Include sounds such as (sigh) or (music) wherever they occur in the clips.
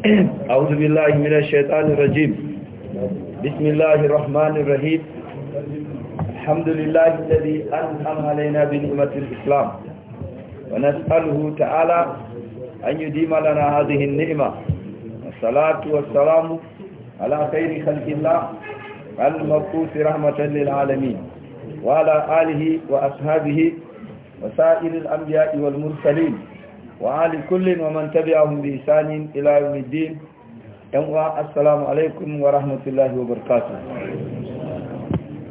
(clears throat) أعوذ بالله من الشيطان الرجيم بسم الله الرحمن الرحيم الحمد لله الذي أنعم علينا بنعمة الإسلام ونسأله تعالى أن يديم لنا هذه النعمة والصلاة والسلام على خير خلق الله المبعوث رحمة للعالمين وعلى آله وأصحابه وسائر الأنبياء والمرسلين wa ali kullin wa man tabi'ahum bi ihsanin ila yan uwa assalamu alaikum wa rahmatullahi wa barakatuh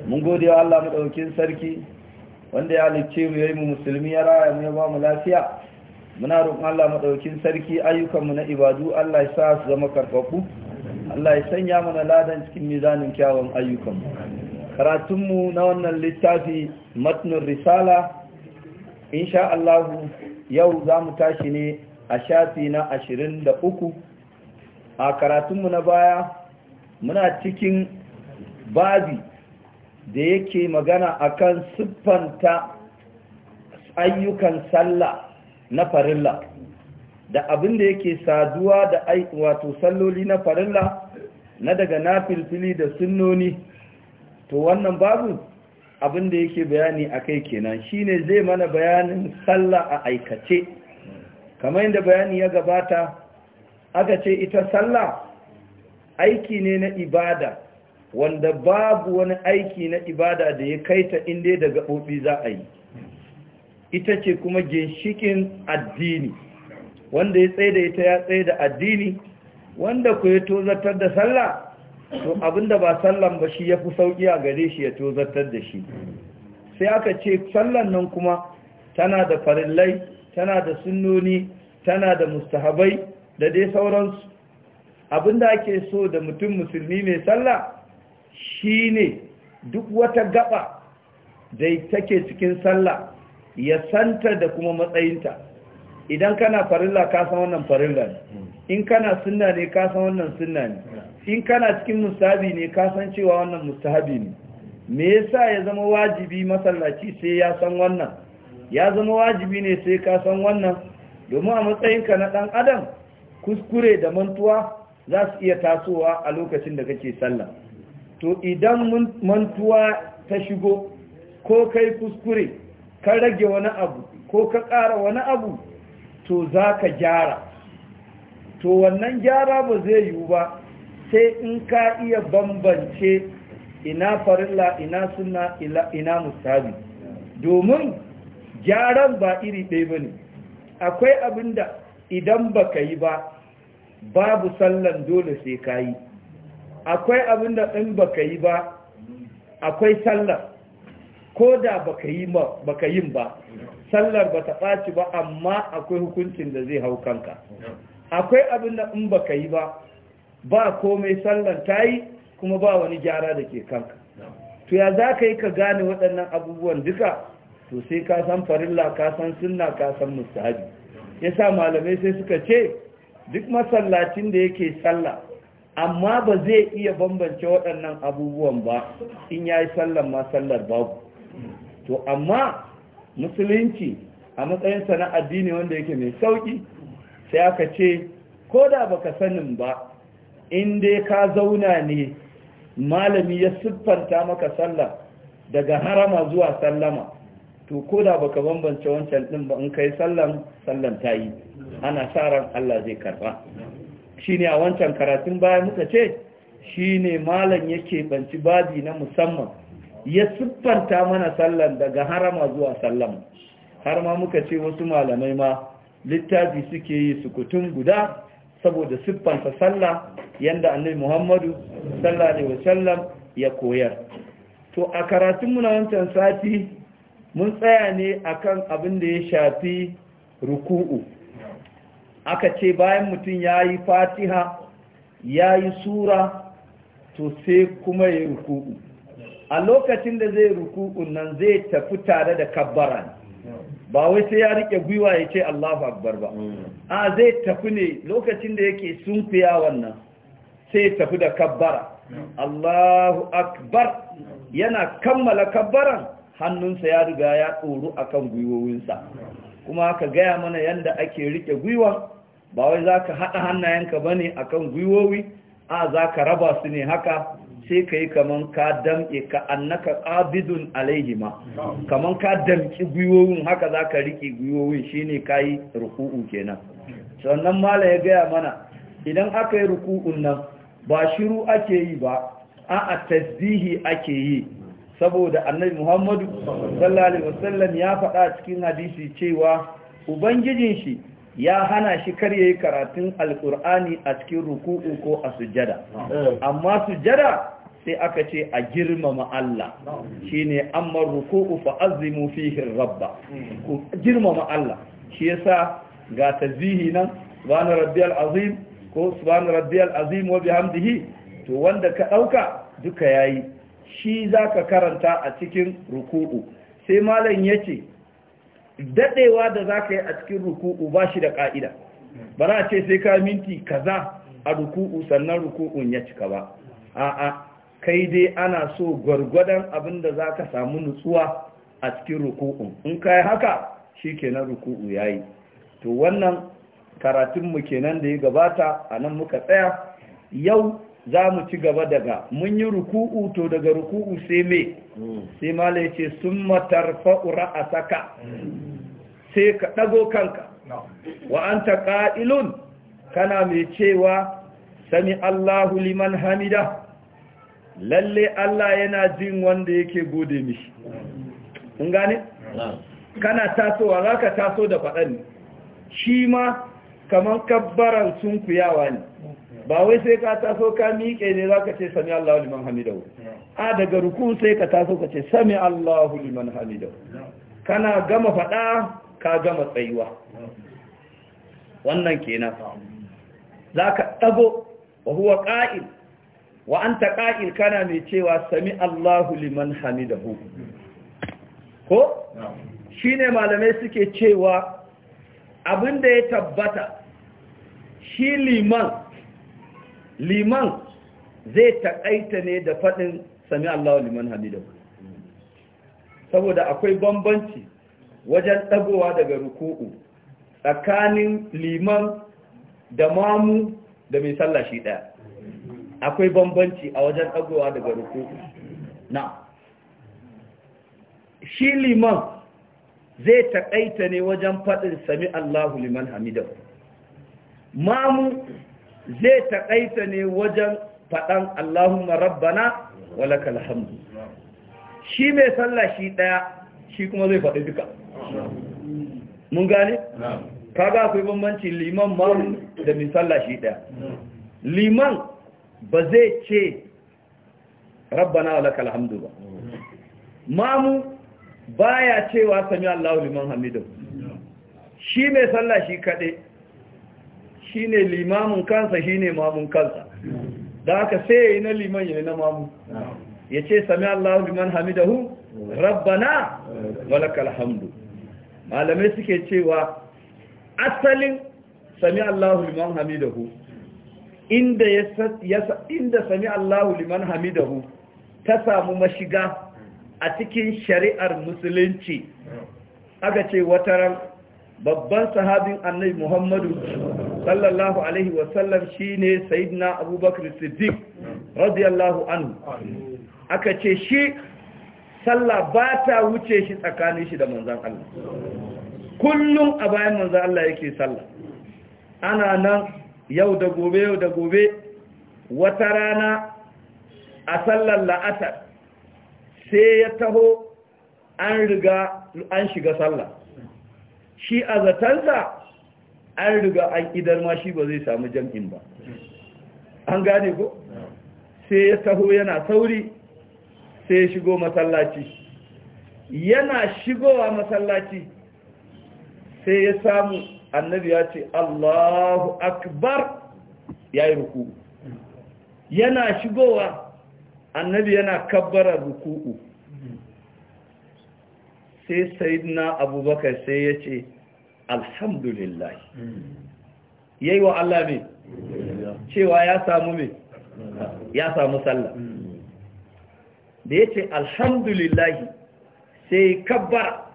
mun gode wa Allah madaukin sarki wanda ya halicce mu yayi mu musulmi ya raya mu ya ba mu lafiya muna roƙon Allah maɗaukin sarki ayyukanmu na ibadu Allah ya sa su zama karfafu Allah ya sanya mana ladan cikin mizanin kyawun ayyukan mu karatun na wannan littafi matnun risala insha Allah yau za mu tashi ne a shafi na ashirin da uku a karatunmu na baya muna cikin babi da yake magana akan siffanta ayyukan sallah na farilla da abin da yake saduwa da wato salloli na farilla na daga nafilfili da sunnoni to wannan babu abin da yake bayani a kai kenan shine zai mana bayanin sallah a aikace kamar yadda bayani ya gabata aka ce ita sallah aiki ne na ibada wanda babu wani aiki na ibada da ya kaita inda da gaɓoɓi za a yi ita ce kuma ginshikin addini wanda ya tsaye da ita ya tsaye da addini wanda ku ya tozartar da sallah to abinda ba sallan ba shi ya fi sauƙi a gare shi ya tozartar da shi sai aka ce sallan nan kuma tana da farillai tana da sunnoni tana da mustahabai da dai sauransu abinda ake so da mutum musulmi mai sallah ne duk wata gaba da take cikin sallah ya santa da kuma matsayinta idan kana farilla ka san wannan farilla ne in kana sunna ne ka san wannan sunna ne in kana cikin mustahabi ne ka san cewa wannan mustahabi ne me yasa ya zama wajibi masallaci sai ya san wannan ya zama wajibi ne sai ka san wannan domin a matsayin ka na dan adam kuskure da mantuwa za su iya tasowa a lokacin da kake sallah to idan mantuwa ta shigo ko kai kuskure ka rage wani abu ko ka ƙara wani abu to za ka gyara to wannan gyara ba zai yiwu ba sai in ka iya bambance ina farilla ina sunna ina musabi domin gyaran ba iri ɗaya ba ne akwai abin da idan ba ka yi ba babu sallan dole sai ka yi akwai abin da ɗin ba ka yi ba akwai sallar ko da ba ka yi ba sallar ba ta ɓaci ba amma akwai hukuncin da zai hau kanka akwai abin da in baka yi ba ba komai sallar ta yi kuma ba wani gyara da ke kanka to ya za ka yi ka gane waɗannan abubuwan duka to sai ka san farilla ka san sunna ka san mustahabi ya sa malamai sai suka ce duk masallacin da yake sallah amma ba zai iya bambance waɗannan abubuwan ba in ya yi sallan ma sallar babu to amma musulunci a matsayinsa na addini wanda yake mai sauƙi sai aka ce ko da baka sanin ba in dai ka zauna ne malami ya siffanta maka sallah daga harama zuwa sallama to ko da baka bambance wancan din ba in kai sallan sallan ta yi ana sa ran Allah zai karba shine a wancan karatun baya muka ce shine malam yake banci babi na musamman ya siffanta mana sallan daga harama zuwa sallama har ma muka ce wasu malamai ma littafi suke yi sukutun guda saboda siffanta sallah yanda annabi Muhammadu sallallahu alaihi wasallam ya koyar to a karatunmu na wancan sati mun tsaya ne a kan abin da ya shafi ruku'u aka ce bayan mutum ya yi fatiha ya yi sura to sai kuma ya yi ruku'u a lokacin da zai ruku'u nan zai tafi tare da kabbaran ba wai sai ya rike gwiwa ya ce Allahu akbar ba hmm. a zai tafi ne lokacin da yake sunfiya wannan sai ya tafi da kabbara Allahu akbar yana kammala kabbaran hannunsa ya riga ya tsoro akan gwiwowinsa kuma ka gaya mana yanda ake rike gwiwa ba wai zaka haɗa hannayenka bane akan gwiwowi a zaka raba su ne haka sai ka yi kaman ka damƙe ka annaka ƙabidun alaihima kamar ka damƙi gwiwowin haka za ka riƙe gwiwowin shi ne ka yi ruku'u kenan sannan mala ya gaya mana idan aka yi ruku'un nan ba shiru ake yi ba a tasbihi ake yi saboda annabi muhammadu sallallahu alaihi ya faɗa cikin hadisi cewa ubangijin shi ya hana shi kar yayi karatun alkur'ani a cikin ruku'u ko a sujjada amma sujjada sai aka ce a girmama Allah shine amma ruku'u fa azimu fihi rabba ku girmama Allah shi yasa ga tazihi nan subhana rabbiyal azim ko subhana rabbiyal azim wa bihamdihi to wanda ka dauka duka yayi shi ka karanta a cikin ruku'u sai malam yace dadewa da zaka yi a cikin ruku'u ba shi da ka'ida bara a ce sai ka minti kaza a ruku'u sannan ruku'un ya cika ba a'a kai dai ana so gwargwadon abin da za ka samu nutsuwa a cikin ruku'u in ka haka shi kenan ruku'u ya yi to wannan karatunmu kenan da ya gabata a nan muka tsaya yau za mu ci gaba daga mun yi ruku'u to daga ruku'u sai me hmm. sai mala ya ce sun matarfa'ura a saka sai ka ɗago kanka wa an ta ƙa'ilun kana mai cewa sami Allahu liman hamida lalle Allah yana jin wanda yake gode mishi kun gane kana tasowa za ka taso da faɗan shi ma kamar kabbaran sun kuyawa ne ba wai sai ka taso ka miƙe ne za ka ce sami Allahu liman hamidahu a daga ruku sai ka taso ka ce sami Allahu liman hamidahu kana gama faɗa ka gama tsayuwa wannan kenan za ka ɗago wa huwa ƙa'il wa an taƙa'il kana mai cewa sami Allahu liman hamidahu ko shi ne malamai suke cewa abin da ya tabbata shi liman liman zai taƙaita ne da faɗin sami Allahu liman hamidahu saboda akwai bambanci wajen ɗagowa daga ruku'u tsakanin liman da mamu da mai sallah ɗaya akwai bambanci a wajen ɗagowa daga ruku na shi liman zai taƙaita ne wajen faɗin sami Allahu liman hamidan mamu zai taƙaita ne wajen faɗan Allahumma rabbana walakal hamdu shi mai sallah shi ɗaya shi kuma zai faɗi duka mun gane? kaga akwai bambanci liman mamu da mai sallah shi ɗaya liman ba zai ce rabbana wa lakal hamdu ba mamu baya cewa sami Allahu liman hamidu shi mai sallah shi kade shi ne limamin kansa shi ne mamun kansa da aka sai ya yi na liman ya na mamu ya ce sami Allahu liman hamidahu rabbana wa lakal hamdu malamai suke cewa asalin sami Allahu liman hamidahu inda inda sami Allahu liman hamidahu ta samu mashiga a cikin shari'ar musulunci aka ce ran babban sahabin annabi Muhammadu sallallahu alaihi wasallam shine sayyidina Abubakar Siddiq radiyallahu anhu aka ce shi sallah ba ta wuce shi tsakanin shi da manzan Allah kullum a bayan manzan Allah yake sallah ana nan yau da gobe yau da gobe wata rana a sallar la'asar sai ya taho an riga an shiga sallah shi a zatansa an riga an idar ma shi ba zai samu jam'in ba an gane ko sai ya taho yana sauri sai ya shigo masallaci yana shigowa masallaci sai ya samu annabi ya ce Allahu akbar Ya yi ruku yana shigowa annabi yana kabbara ruku'u sai na abubakar sai ya ce alhamdulillah yi wa Allah ne cewa ya samu ne ya samu sallah da ya ce alhamdulillah sai kabbara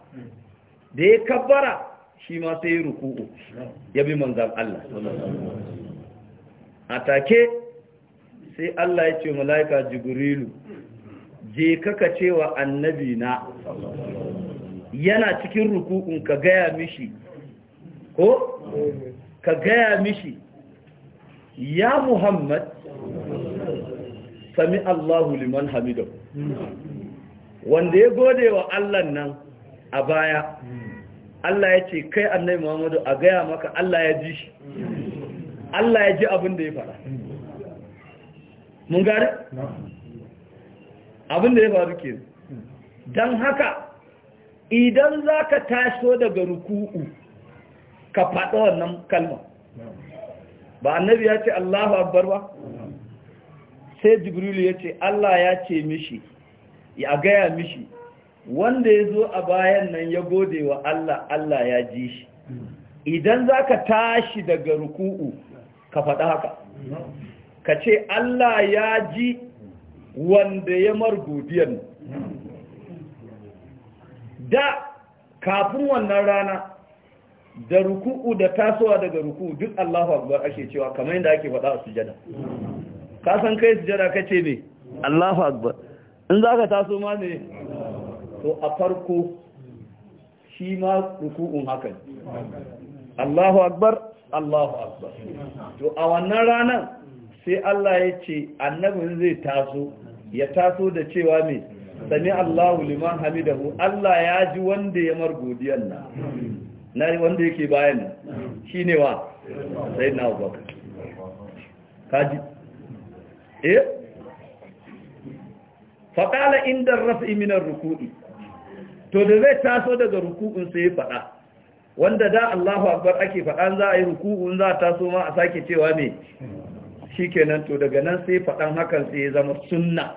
da ya kabbara shi ma sai ruku'u ya bi manzan Allah a take sai Allah ya ce mala'ika jibrilu je kaka cewa annabi na yana cikin ruku'un ka gaya mishi ko ka gaya mishi ya muhammad sami Allahu liman hamidahu wanda ya gode wa Allah nan a baya Allah ya ce kai annabi Muhammadu a gaya maka Allah ya ji shi Allah ya ji abin da ya fara mun gari? abin da ya faru ke don haka idan za ka taso daga ruku'u ka faɗo wannan kalma ba annabi ya ce Allahu akbar ba sai jibrilu ya ce Allah ya ce mishi ya gaya mishi wanda ya zo a bayan nan ya gode wa Allah Allah ya ji shi idan za ka tashi daga ruku'u ka faɗa haka ka ce Allah ya ji wanda ya margodiyar da kafin wannan rana da ruku'u da tasowa daga ruku'u duk Allahu akbar ake cewa kamar yadda ake faɗa a sujada ka san kai sujada kace ne Allahu akbar in za ka taso ma ne to a farko shi ma ruku'un hakan Allahu akbar Allahu akbar to a wannan ranar sai Allah ya ce annabin zai taso ya taso da cewa mai sami Allahu liman hamidahu Allah ya ji wanda ya mar godiyar Na na wanda yake bayan shi ne wa sai na abubakar kaji eh faƙala inda rafi minar ruku'i to da zai taso daga ruku'un sai ya faɗa wanda da Allahu akbar ake faɗan za a yi ruku'un za a taso ma a sake cewa me shikenan to daga nan sai faɗan hakan sai ya zama sunna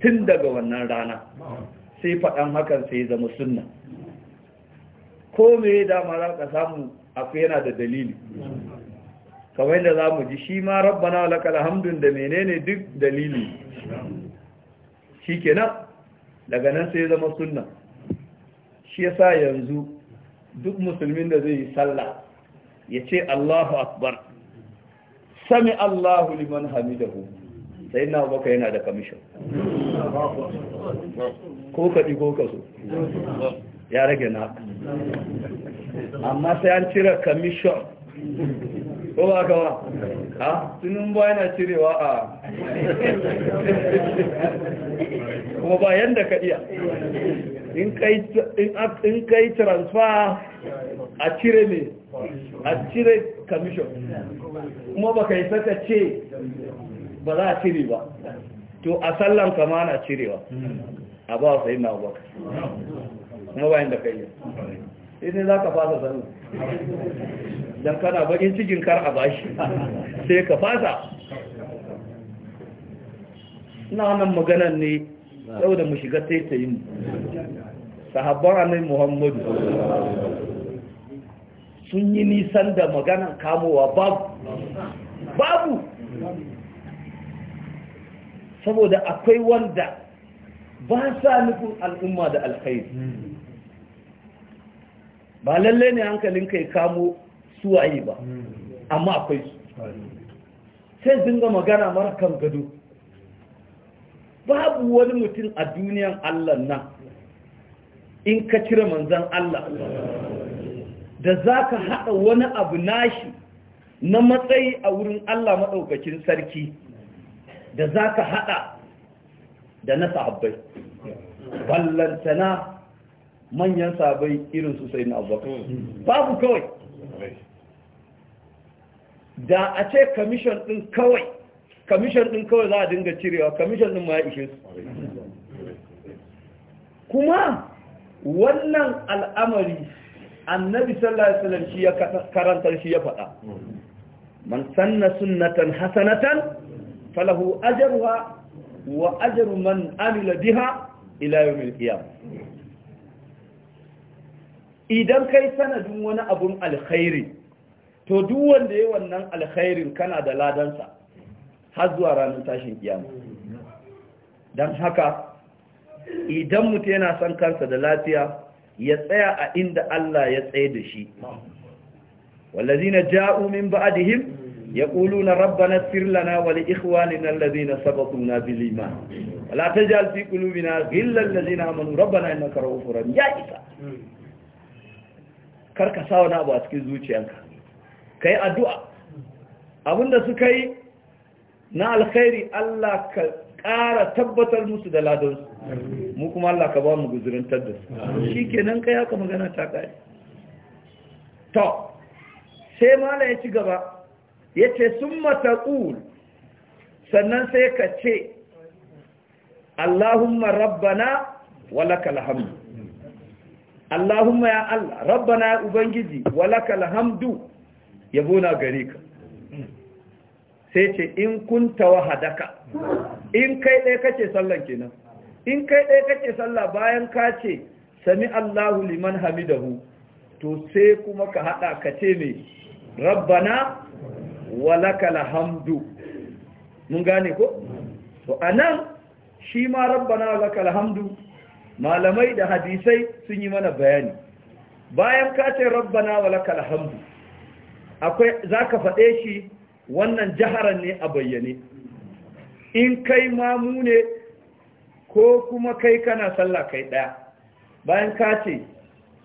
tun daga wannan rana sai faɗan hakan sai ya zama sunna ko me dama za ka samu akwai yana da dalili kamar yadda za mu ji shi ma rabbana lakal hamdun da menene duk dalili shikenan daga nan sai ya zama sunna shi yasa yanzu duk musulmin da zai yi sallah ya ce Allahu akbar sami Allahu liman hamidahu sai na baka yana da kamishin ko kaɗi ko kaso ya rage na amma sai an cire kamishin ko ba ka ba ha tunin ba yana cirewa a (laughs) kuma ba yadda ka iya in kai transfer a cire ne a cire commission kuma ba ka yi saka ce ba za a cire ba to a sallan kama na cirewa a ba sai na ba kuma bayan da kai yi sai za ka fasa sannu don kana bakin cikin kar a bashi sai ka fasa na wannan maganan ne Yau da mu shiga taitayin sahabban annabi muhammadu sun yi nisan da maganan kamowa babu babu saboda akwai wanda ba sa nufin al'umma da alkhairi ba lalle ne hankalin kai kamo suwaye ba amma akwai su sai dinga magana mara kan gado babu wani mutum a duniyan Allah nan in ka cire manzan Allah da za ka haɗa wani abu nashi na matsayi a wurin Allah maɗaukacin sarki da za ka haɗa da na sahabbai ballantana manyan sabai irin su sai na abubakar babu kawai da a ce kamishin ɗin kawai kamishin ɗin kawai za a dinga cirewa kamishin ɗin ma ya ishe su kuma wannan al'amari annabi sallallahu alaihi wasallam shi ya karantar shi ya faɗa man sanna sunnatan hasanatan falahu ajruha wa ajru man amila biha ila yawmil idan kai sanadin wani abun alkhairi to duk wanda yayi wannan alkhairin kana da ladansa har zuwa ranar tashin kiyama don haka idan mutum yana son kansa da lafiya ya tsaya a inda Allah ya tsaye da shi wallazina ja'u min ba'dihim yaquluna rabbana ighfir lana wa li ikhwanina allazina sabaquna bil iman wa la taj'al fi qulubina ghillan na amanu rabbana innaka ra'ufur rahim ya isa karka sa wani abu a cikin zuciyanka kai addu'a abinda suka yi na alkhairi Allah ka ƙara tabbatar musu da ladansu mu kuma Allah ka ba mu guzurantar da su shi kenan kai haka magana ta ƙari to sai mala ya ci gaba ya ce sun mataƙul sannan sai ka ce Allahumma rabbana walakal hamdu Allahumma ya Allah rabbana ubangiji walakal hamdu yabo na gare ka sai ce in kunta wahadaka in kai ɗaya kace sallan kenan in kai ɗaya kace salla bayan ka ce sami Allahu liman hamidahu to sai kuma ka hada ka ce me rabbana walakal hamdu mun gane ko to anan shi ma rabbana walakal hamdu malamai da hadisai sun yi mana bayani bayan ka ce rabbana walakal hamdu akwai zaka faɗe shi wannan jaharan ne a bayyane in kai mamu ne ko kuma kai kana sallah kai daya bayan ka ce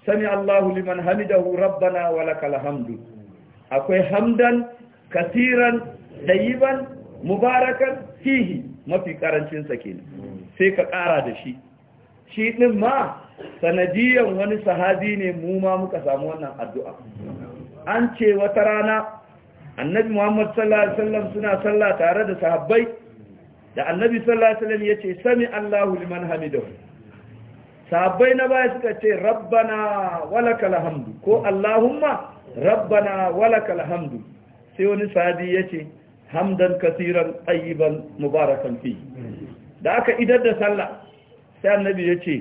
sami Allahu liman hamidahu rabbana wa lakal hamdu akwai hamdan kasiran dayiban mubarakan fihi mafi karancin sa kenan sai ka kara da shi shi din ma sanadiyan wani sahabi ne mu ma muka samu wannan addu'a an ce wata rana annabi muhammad sallallahu alaihi wasallam suna sallah tare da sahabbai da annabi sallallahu alaihi wasallam yace sami allahu liman hamidu sahabbai na baya suka ce rabbana walakal hamdu ko allahumma rabbana walakal hamdu sai wani sahabi yace hamdan kasiran tayyiban mubarakan fi da aka idar da sallah sai annabi yace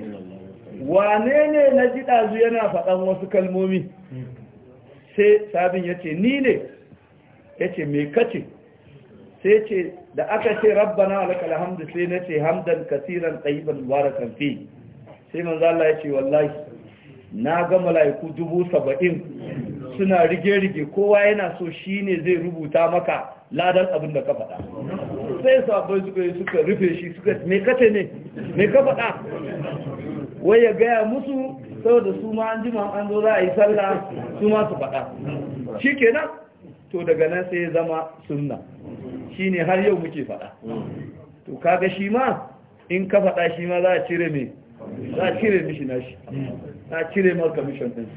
wane ne na ji yana faɗan wasu kalmomi sai sabin yace, ni ne ya ce mai kace sai ce da aka ce rabbana lakal hamdu sai na ce hamdan kasiran tsayiban barakan fi sai manzo Allah ya ce wallahi na ga mala'iku dubu saba'in suna rige-rige kowa yana so shi ne zai rubuta maka ladan abin da ka faɗa sai sabai suka yi suka rufe shi suka me kace ne me ka faɗa wai ya gaya musu saboda su ma an jima an zo za a yi sallah su ma su faɗa shi kenan to daga nan sai ya zama sunna shine har yau muke faɗa to kaga shi ma in ka faɗa shi ma za a cire me za a cire mishi nashi za a cire mal commission din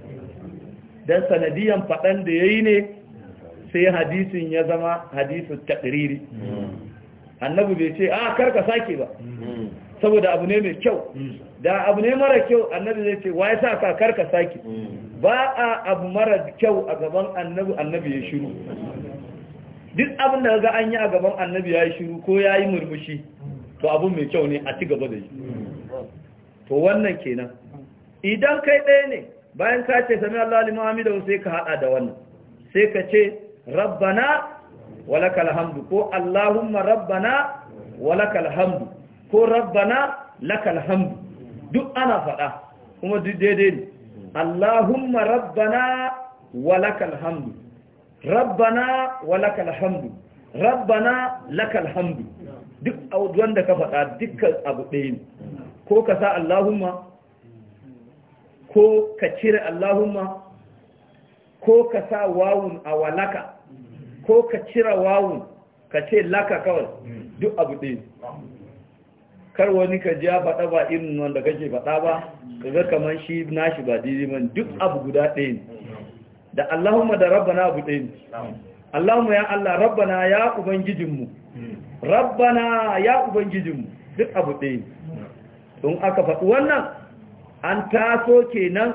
dan sanadiyan faɗan da yayi ne sai hadisin ya zama hadisu takriri annabi bai ce a kar ka sake ba saboda abu ne mai kyau da abu ne mara kyau annabi zai ce wa ya sa ka kar ka sake ba a abu mara kyau a gaban annabi annabi ya shiru duk abin da ga an yi a gaban annabi ya shiru ko ya yi murmushi to abu mai kyau ne a ci gaba da yi to wannan kenan idan kai ɗaya ne bayan ka ce sami Allah liman hamida sai ka haɗa da wannan sai ka ce rabbana walakal hamdu ko Allahumma rabbana walakal hamdu ko rabbana lakal hamdu duk ana faɗa kuma duk daidai ne Allahumma rabbana walakal hamdu rabbana walakal hamdu rabbana lakal hamdu duk wanda ka faɗa dukkan abu ɗaya ne ko ka sa Allahumma ko ka cire Allahumma ko ka sa wawun a walaka ko ka cira wawun ka ce laka kawai duk abu ɗaya kar wani ka ji ya faɗa ba irin wanda kake faɗa ba ga kamar shi nashi ba daidai ba duk abu guda ɗaya da Allahumma da rabbana abu ɗaya Allahumma ya Allah rabbana ya ubangijinmu rabbana ya ubangijinmu duk abu ɗaya don aka faɗi wannan an taso kenan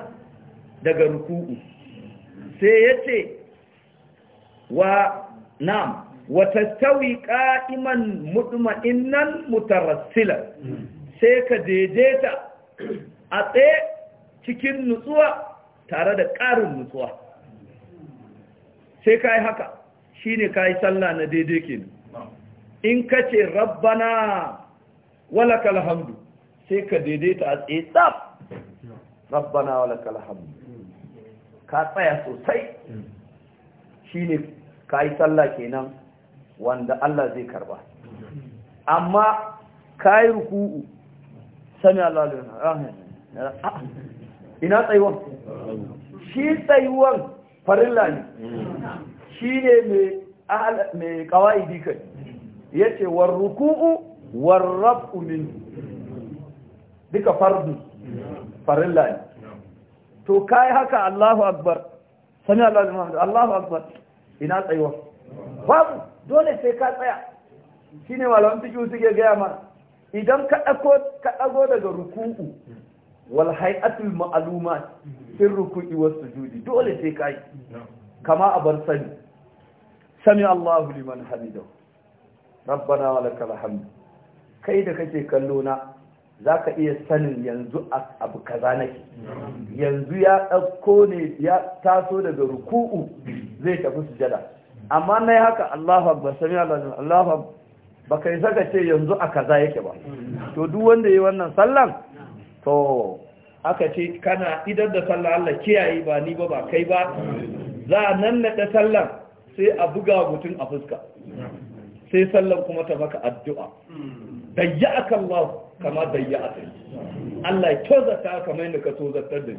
daga ruku'u sai yace wa na'am wa tastawi qa'iman mutma'innan mutarassila sai ka daidaita a tsaye cikin nutsuwa tare da ƙarin nutsuwa sai ka yi haka shi ne ka yi sallah na daidai ke in ka ce rabbana walakal hamdu sai ka daidaita a tsaye tsab rabbana walakal hamdu ka tsaya sosai shi ne ka yi sallah kenan wanda Allah zai karba amma ka yi ruku'u sami Allah ah, ina tsayuwan shi tsayuwan farilla ne shi ne mai kawai dikai ya ce war ruku'u war raf'u min duka fardu farilla ne to ka haka Allahu akbar sami Allah akbar Allahu akbar ina tsayuwa babu dole sai ka tsaya shine malaman fiqh suke gaya ma idan ka ɗago daga ruku'u wal haiatul ma'aluma sun ruku'i wasu sujudi dole sai ka yi kama a bar sani sami Allahu liman hamidau rabbana wa lakal hamdu kai da kake kallo na za ka iya sanin yanzu abu kaza nake yanzu ya ɗauko ne ya taso daga ruku'u zai tafi sujada amma na yi haka Allahu akbar sami Allahu ba kai saka ce yanzu a kaza yake ba to duk wanda yi wannan sallan to aka ce kana idan da sallan Allah kiyaye ba ni ba ba kai ba za a nan naɗa sallan sai a buga mutum a fuska sai sallan kuma ta baka addu'a dayya'aka Allah kama dayya'aka Allah ya ta kama yadda ka toza da ni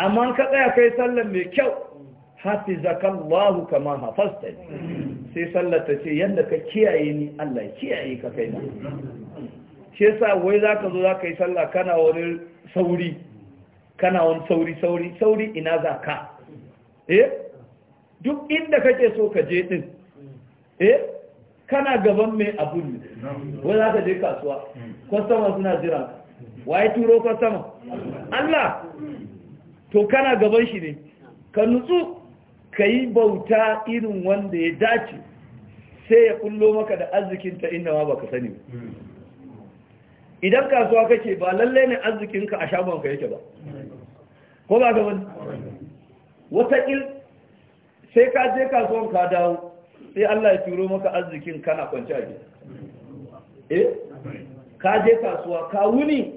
amma ka tsaya kai sallar mai kyau hafizaka Allah kama hafazta sai sallar ta ce yadda ka kiyaye ni Allah ya kiyaye ka kai na shi yasa wai zaka zo zaka yi sallah kana wani sauri kana wani sauri sauri sauri ina za ka eh duk inda kake so ka je din eh kana gaban mai abu ne wani za ka je kasuwa kwastama suna jira waye turo kwastama Allah to kana gaban shi ne ka nutsu ka yi bauta irin wanda ya dace sai ya kullo maka da arzikinta inda ma baka sani idan kasuwa kake ba lallai ne arzikinka a ka yake ba ko ba gaban wataƙil sai ka je kasuwan ka dawo sai Allah ya turo maka arzikin kana kwanci a gida eh ka je kasuwa ka wuni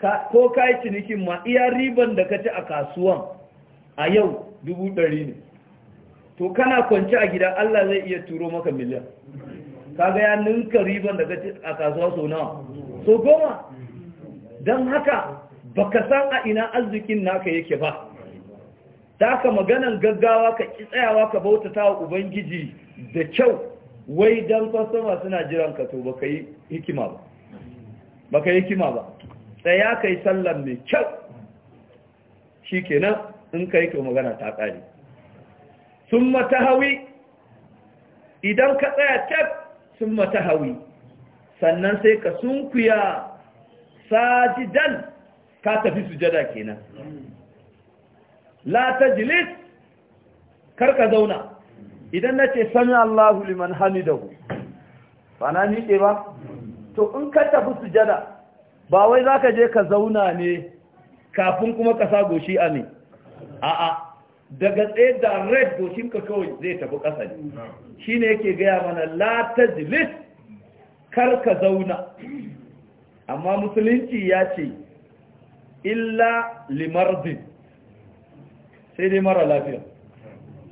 ko ka yi cinikin ma iya riban da ka ci a kasuwan a yau dubu ɗari ne to kana kwanci a gida Allah zai iya turo maka miliyan kaga ya ninka riban da ka ci a kasuwa so nawa so goma don haka baka san a ina arzikin naka yake ba da ka maganan gaggawa ka ki tsayawa ka bautata wa ubangiji da kyau wai dan kwasama suna jiran ka to baka yi hikima ba baka yi hikima ba tsaya ka yi sallan mai kyau shi kenan in ka yi to magana ta tsari. sun mata hawi idan ka tsaya tab sun mata hawi sannan sai ka sunkuya sajidan ka tafi sujada kenan la jilis karka zauna idan na ce, sami Allahu liman da ku. ba na miƙe ba to in ka tafi sujada ba wai za ka je ka zauna ne kafin kuma ka sa goshi a ne a'a daga tsaye da red goshin ka kawai zai tafi ƙasa ne Shi ne yake gaya mana la kar karka zauna amma musulunci ya ce illa limardin sai dai mara lafiya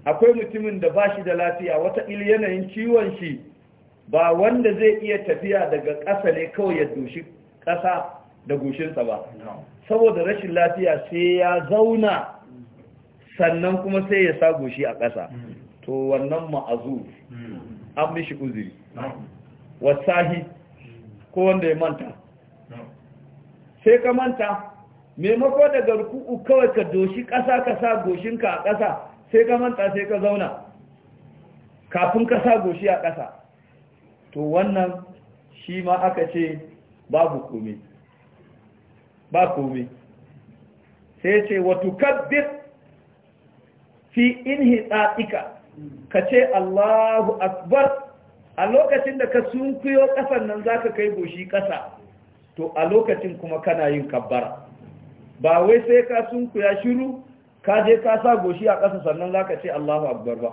akwai mutumin da ba shi da lafiya wata ili yanayin ciwon shi ba wanda zai iya tafiya daga ƙasa ne kawai ya dushi ƙasa da gushinsa ba saboda rashin lafiya sai ya zauna sannan kuma sai ya sa gushi a ƙasa to wannan ma'azu an mishi uzuri wasahi ko wanda ya manta sai ka manta maimako daga ruku'u kawai ka doshi ƙasa ka sa goshinka a ƙasa sai ka manta sai ka zauna kafin ka sa goshi a ƙasa to wannan shi ma aka ce babu kome ba kome sai ce wato kabbir fi inhi tsatsika ka ce Allahu akbar a lokacin da ka sunkuyo ƙasan nan za ka kai goshi ƙasa to a lokacin kuma kana yin kabbara ba wai sai ka sunkuya shiru ka je ka sa goshi a ƙasa sannan za ka ce Allahu Akbar ba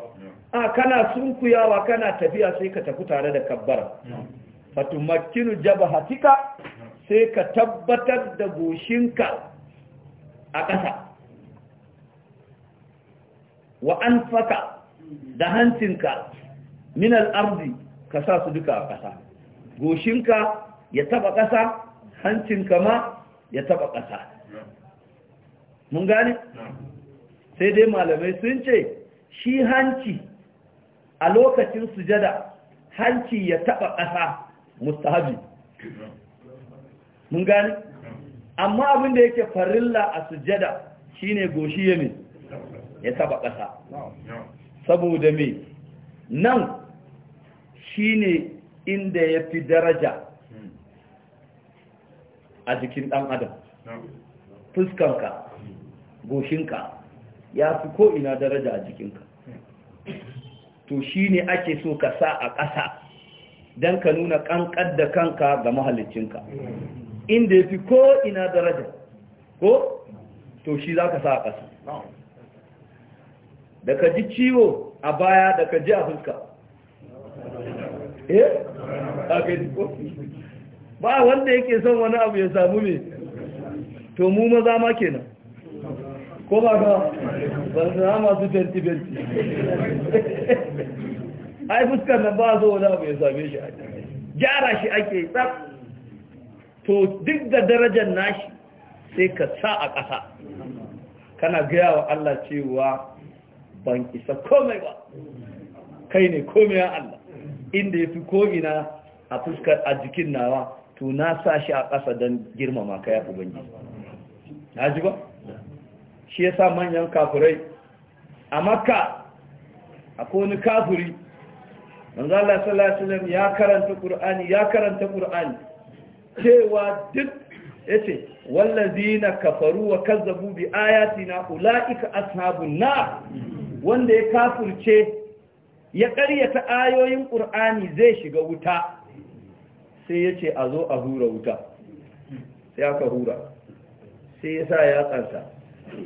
a kana sunkuyawa kana tafiya sai ka tafi tare da kabbara jaba hatika sai ka tabbatar da goshinka a ƙasa wa an faka da hancinka min al ka sa su duka a ƙasa goshinka ya taba ƙasa hancinka ma ya taba ƙasa mun gane sai dai malamai sun ce shi hanci a lokacin sujada hanci ya taba ƙasa mustahabi mun gane amma abin da yake farilla a sujada shine goshi ya ya taba ƙasa saboda me nan shi ne inda ya fi daraja a jikin ɗan adam fuskanka goshinka ya fi ko'ina daraja a jikinka to shi ne ake so ka sa a ƙasa don ka nuna ƙanƙar da kanka ga mahallicinka inda ya fi ko'ina daraja ko to shi za ka sa a ƙasa da ka ji ciwo a baya da ka ji a fuska eh? ba wanda yake son wani abu ya samu ne to mu maza ma kenan ko ba ga ba su na masu fenti benti ai fuskar nan ba zo wani abu ya same shi gyara shi ake tsaf to duk da darajar nashi sai ka sa a ƙasa kana gaya wa Allah cewa ban isa komai ba kai ne komai ya Allah inda ya fi ko'ina a fuskar a jikin nawa to na sa shi a ƙasa don girmama ka ya ubangiji na ji ba shi yasa manyan kafirai a makka akwai wani kafiri manzo Allah sallallahu alaihi wasallam ya karanta Qur'ani ya karanta Qur'ani cewa duk yace wallazina kafaru wa kazzabu bi ayatina ulaika ashabun na wanda ya kafirce ya ƙaryata ayoyin Qur'ani zai shiga wuta sai yace a zo a hura wuta sai aka hura sai ya sa ya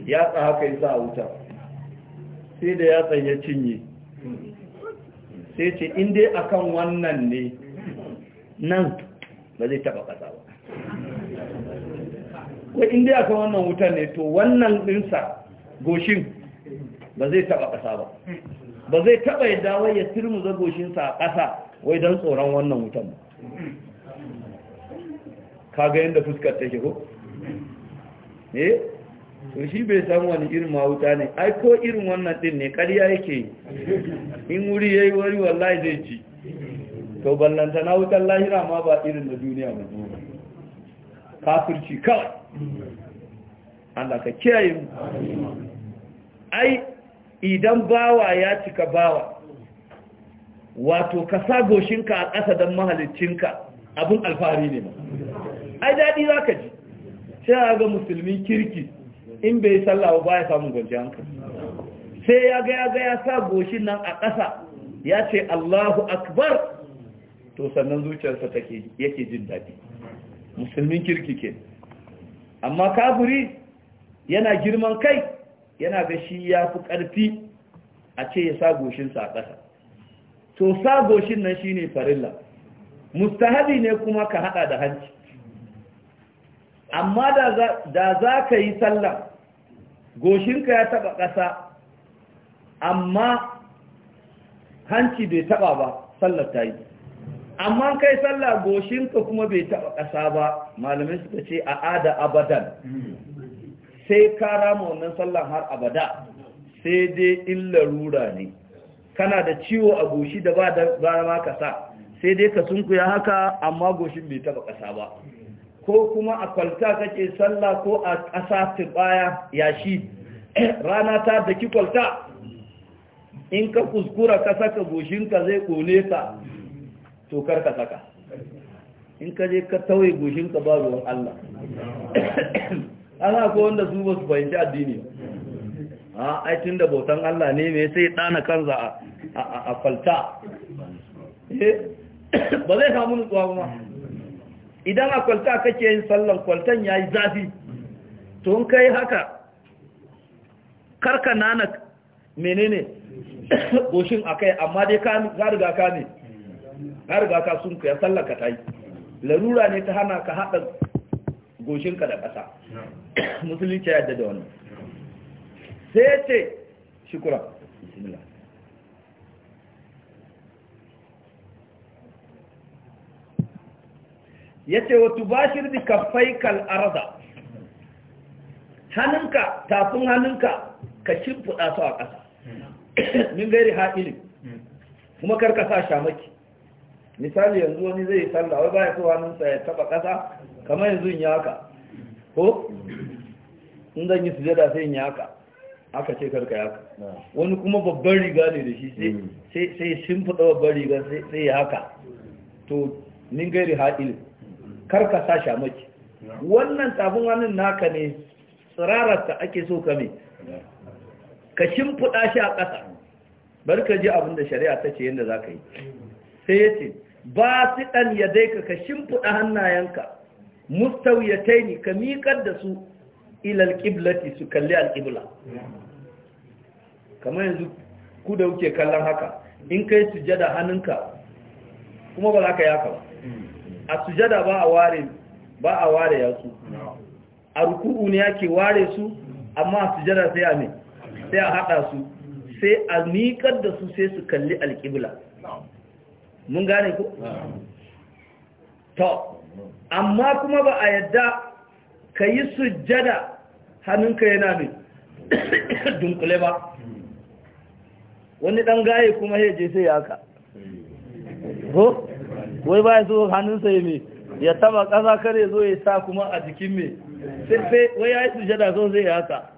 yatsa haka ya sa a wuta sai da yatsan ya cinye sai ce in dai akan wannan ne nan ba zai taba kasa ba Ko in dai akan wannan wutan ne to wannan ɗinsa goshin ba zai taba kasa ba ba zai taba ya dawo ya za goshinsa a ƙasa wai don tsoron wannan wutan ba kaga yadda fuskar take ko eh to shi bai san wani irin wuta ne ai ko irin wannan din ne ƙarya yake in wuri yayi wari wallahi zai ci to ballanta na wutar lahira ma ba irin da duniya ba kafirci kawai Allah ka kiyaye mu ai idan bawa ya cika bawa wato ka sa goshinka a ƙasa don mahalicinka abin alfahari ne ma ai daɗi za ka ji sai a ga musulmin kirki in bai sallah ba ya samun kwanciyar hankali sai ya ga ya ga ya sa goshin nan a ƙasa ya ce Allahu akbar to sannan zuciyarsa take yake jin daɗi musulmin kirki ke amma kafiri yana girman kai yana ga shi ya fi ƙarfi a ce ya sa goshinsa a ƙasa to sa goshin nan shi ne farilla mustahabi ne kuma ka haɗa da hanci amma da za ka yi sallah, goshinka ya taba ƙasa amma hanci bai taba ba sallar ta yi amma kai sallar goshinka kuma bai taba ƙasa ba malamai suka ce a ada abadan sai ka rama wannan sallar har abada sai dai illa rura ne kana da ciwo a goshi da ba da ba ka sa sai dai ka sunkuya haka amma goshin bai taba ƙasa ba ko kuma a kwalta kake sallah ko a ƙasa baya yashi (clears throat) rana ta da ki kwalta in ka kuskura ka saka goshinka zai kone ka to kar ka saka in ka je ka tawaye goshinka ba ruwan Allah (clears throat) ana ko wanda su ba su fahimci addini a aitin da bautan Allah ne mai sai ɗana kanza a kwalta eh? (clears throat) ba zai samu nutsuwa kuma idan a kwalta kake yin sallan kwaltan ya yi zafi to in ka haka karka nanak menene (coughs) goshin a kai amma dai ka riga ka ne ka riga ka sun ka ya sallaka ta yi larura ne ta hana ka haɗa goshinka da ƙasa (coughs) musulunci yadda da wani sai ce shukura bismillah yace wa tubashir bi kal arda hannunka tafin hannunka ka shimfiɗa su a ƙasa hmm. min gari haɗilin kuma karka sa shamaki misali yanzu wani zai yi sallah wai baya so hannunsa ya taba ƙasa kamar yanzu in yaka ko in zan yi sujada sai in yaka aka ce karka yaka hmm. wani kuma babban riga ne da shi sai hmm. shimfiɗa babban riga sai ya haka to min gairi haɗilin kar ka sa shamaki wannan tafin wannan naka ne ta ake so ka me ka fuda shi a ƙasa bari ka ji abin da shari'a ta ce yadda za ka yi sai ya ce ba su ɗan ya dai ka fuda hannayenka mustauyatai ne ka miƙar da su ilal ƙiblati su kalli al'ibla kamar yanzu ku da kuke kallon haka in kai sujada hannunka kuma ba za ka yaka ba mm. a sujada ba a ware ba a yatsu a ruku'u ne yake ware su amma a sujada sai a ne sai a hada su sai a miƙar da su sai su kalli alƙibla mun gane ku? to amma kuma ba a yadda ka yi sujjada hannunka yana ne (coughs) dunkule ba wani ɗan gaye kuma ya je sai ya haka wai ba so hannunsa ya me ya taba ƙasa kare zo ya sa kuma a jikin me sai wai ya yi sujada so ya haka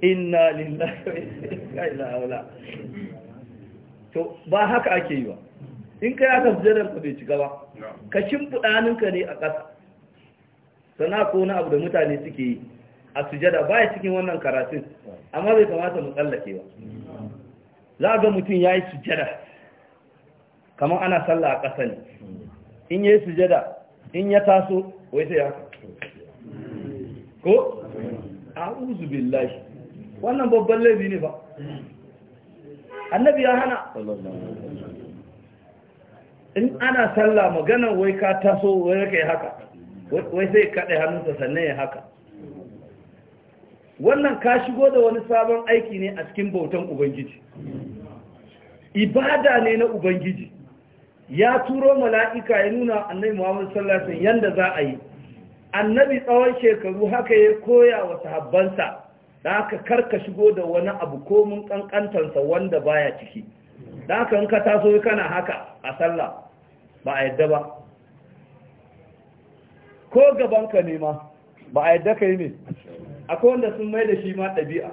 inna na haula. to ba haka ake yi ba in ka haka sujadar ka bai cika ba ka shimfiɗaninka ne a ƙasa sana ko na abu da mutane suke yi a sujada ba ya cikin wannan karatun amma bai kamata mu tsallake ba za ga mutum ya yi sujada kamar ana sallah a ƙasa ne in yi sujada in ya taso wai sai haka ko a'udhu billahi wannan babban laifi ne ba annabi ya hana in ana sallah magana wai ka taso wai ka yi haka wai sai kaɗe hannunsa sannan ya haka wannan ka shigo da wani sabon aiki ne a cikin bautan ubangiji ibada ne na ubangiji ya turo mala'ika ya nuna annabi Muhammadu sallallahu yadda za a yi annabi tsawon shekaru haka ya koya wa sahabbansa da aka karka shigo da wani abu komin kankantansa wanda baya ciki da aka in ka taso kana haka a sallah ba a yadda ba ko gabanka ne ma ba a yadda ka yi ne akwai wanda sun mai da shi ma ɗabi'a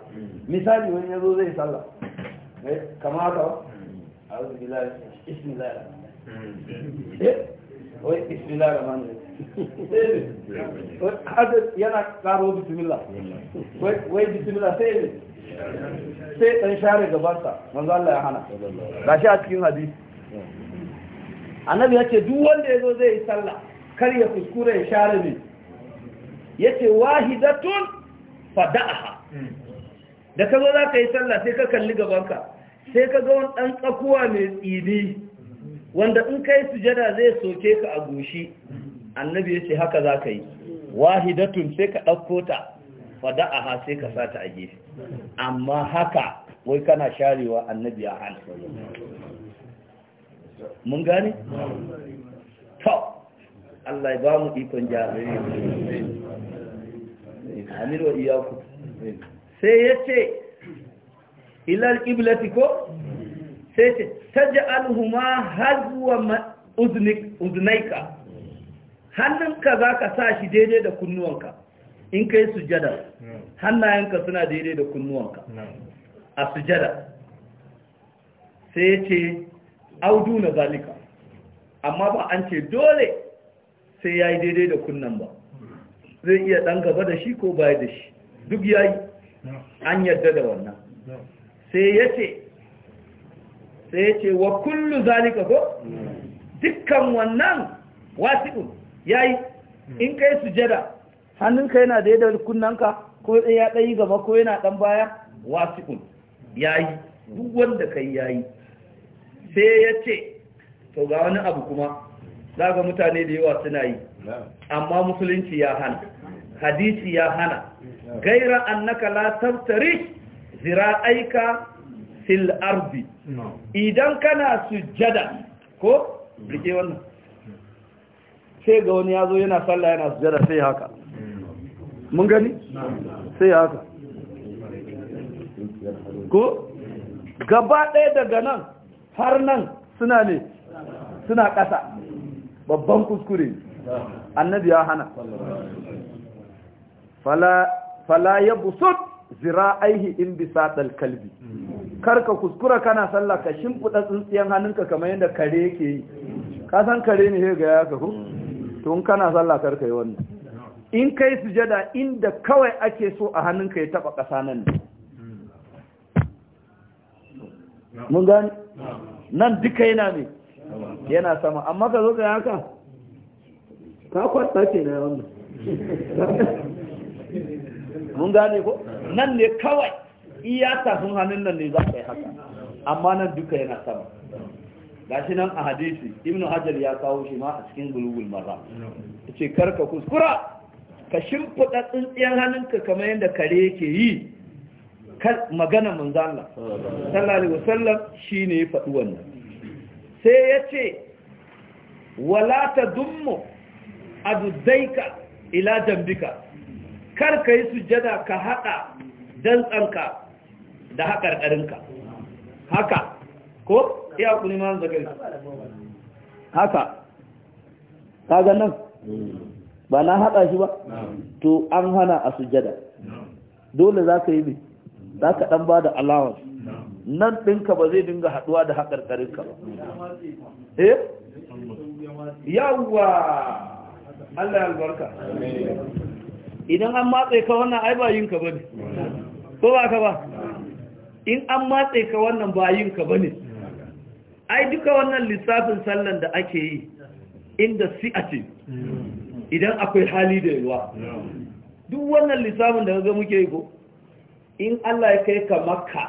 misali wani ya zo zai sallah eh, kama haka ba a bismillah wai eh? bismillah rahman wai hadis yana karo bismillah wai bismillah sai ne sai dan share gabansa manzo Allah ya hana gashi a cikin hadisi annabi ya ce duk wanda yazo zai yi sallah kar ya kuskura ya share ne ya ce wahidatun fada'aha da ka zo za ka yi sallah sai ka kalli gabanka sai ka ga wani ɗan tsakuwa mai tsini wanda in kai sujada zai soke ka a goshi annabi ya ce haka za ka yi wahidatun sai ka ɗauko ta ha sai ka sata a gefe amma haka wai kana sharewa annabi a hannu. mun gane? to Allah ya ba mu ikon jami'ai amirwa wa iyaku sai ya ce ilal iblati ko sai ce alhuma hazwa uznik uznaika hannunka za ka sa shi daidai da kunnuwanka in ka yi sujada hannayenka suna daidai da kunnuwanka a sujada sai ce audu na zalika amma ba an ce dole sai ya yi daidai da kunnan ba zai iya ɗan gaba da shi ko baya da shi duk ya yi an yarda da wannan sai ya ce sai ya ce wa kullu zalika ko dukkan wannan Ya yi. in kai sujada hannunka yana da yadda kunnanka ko ya ɗayi gaba ko yana ɗan baya Ya yi. duk wanda kai yi. sai ya ce to ga wani abu kuma za ga mutane da yawa suna yi amma musulunci ya hana hadisi ya hana gaira annaka la tabtari zira'aika fil ardi idan kana sujjada ko rike wannan sai ga wani yazo yana sallah yana sujjada sai haka mun gani sai haka ko gaba ɗaya daga nan har nan suna ne suna ƙasa babban kuskure annabi ya hana fala ya zira zira'aihi in bisa ɗalkalbi karka kuskura kana sallah ka shimfuda tsintsiyan hannunka kamar yadda kare yake yi ka san kare ne ga ya ka ko to in kana sallah karka yi wannan in kai sujada inda kawai ake so a hannunka ya taba ƙasa nan mun gani nan duka yana ne yana sama amma ka zo ga yi haka ka kwanta ke na wannan (laughs) mun gane ko nan ne kawai iya tafin hannun nan ne za ka yi haka amma nan duka yana sama Ga shi nan a hadisi ibn hajar ya kawo shi ma a cikin gulgul ta ce karka kuskura ka shimfiɗa tsintsiyar hannunka kamar yadda kare yake yi magana manzana sallallahu alaihi wasallam ne ya faɗi wannan sai ya ce wala ta dummu aduddaika ila dambika kar ka yi sujjada ka haɗa dantsanka da haƙarƙarinka haka ko ya kuni ma zakari haka kaga nan ba na haɗa shi ba to an hana a sujada dole za ka yi ne za ka ɗan ba da allowance nan ɗinka ba zai dinga haɗuwa da haƙarƙarinka ba eh yawwa Allah ya albarka idan an matse ka wannan ai ba yinka bane ko ba ka ba in an matse ka wannan bayin ka bane ai duka wannan lissafin sallan da ake yi inda ce idan akwai hali da yawa duk wannan lissafin da ga muke yi ko in Allah ya kai ka makka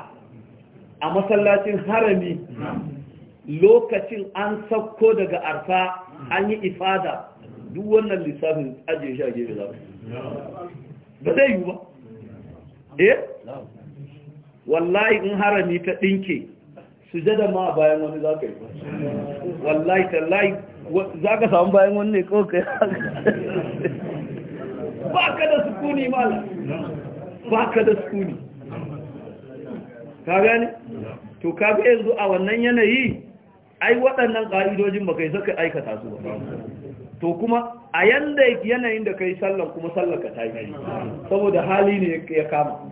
a masallacin harami lokacin an sauko daga arfa an yi ifada duk wannan lissafin ajiye shi a gefe za ba zai yi ba eh wallahi in harami ta ɗinke jada ma bayan wani za ka yi wallahi tallahi za ka samu bayan wani ne kawai yi, ba ka da sukuni mala ba ka da sukuni ka gani to ka ga yanzu a wannan yanayi ai waɗannan ƙa'idojin ba kai saka aikata su ba to kuma a yanda yanayin da kai sallan kuma sallaka ta yi saboda hali ne ya kama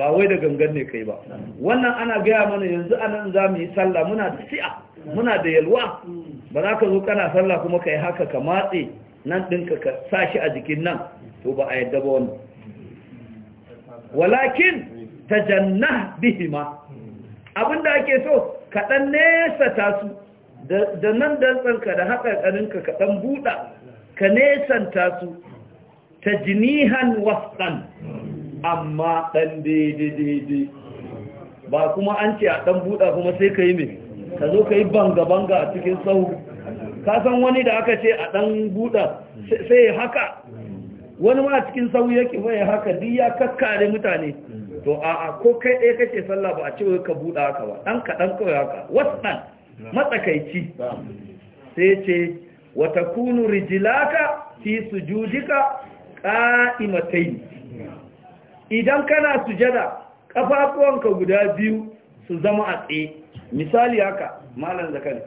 ba wai da gangan ne kai ba wannan ana gaya mana yanzu anan za mu yi sallah muna da si'a muna da yalwa ba za ka zo kana sallah kuma ka yi haka ka matse nan ɗinka ka sa shi a jikin nan to ba a yadda ba wani walakin ta janna bihima abinda ake so ka ɗan nesa ta su da nan dantsanka da haƙaƙaninka ka ɗan buɗa ka nesanta su ta jinihan wasan amma ɗan daidai ba kuma an ce a ɗan buɗa kuma sai ka yi mai ka zo ka banga-banga a cikin sahu ka san wani da aka ce a ɗan buɗa sai haka wani ma a cikin sahu yake mai haka duk ya kakkare mutane to a ko kai ɗaya kake sallah ba a ce ka buɗa haka ba ɗan kaɗan kawai haka wasan matsakaici sai ce wata kunu rijilaka fi sujudika ƙa'imatai idan kana sujada kafafuwanka guda biyu su zama a tsaye misali haka malam zakari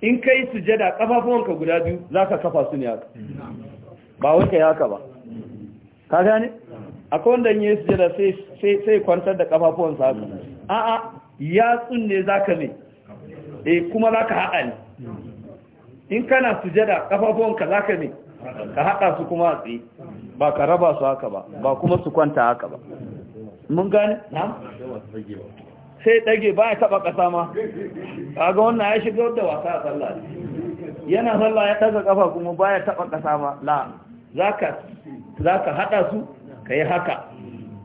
in kai sujada kafafuwanka guda biyu za ka kafa su ne haka ba wai ya haka ba ka gane akwai wanda yin sujada sai kwantar da kafafuwansa haka a'a yatsun ne ka ne E, eh, kuma ka haɗa ne in kana sujada kafafuwanka za ka ne ka haɗa su kuma a tsaye ba ka raba su haka ba ba kuma su kwanta haka ba mun gane sai ɗage ba ya taɓa ƙasa ma a ga wannan ya shiga da wasa a sallah yana sallah ya ɗaga ƙafa kuma ba ya taɓa ƙasa ma la za ka haɗa su ka yi haka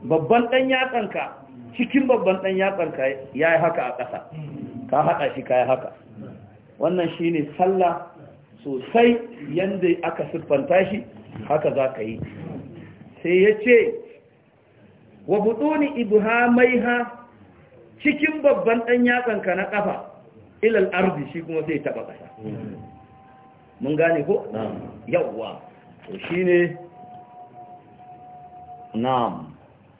babban ɗan yatsanka cikin babban ɗan yatsanka ya yi haka a ƙasa ka haɗa shi ka yi haka wannan shi ne sallah sosai yadda aka siffanta shi haka za ka yi sai ya ce wa buduni ha cikin babban ɗan yatsanka na ƙafa ilal arzi shi kuma sai taɓa ƙasa mun gane ko? yawwa to shi ne na'am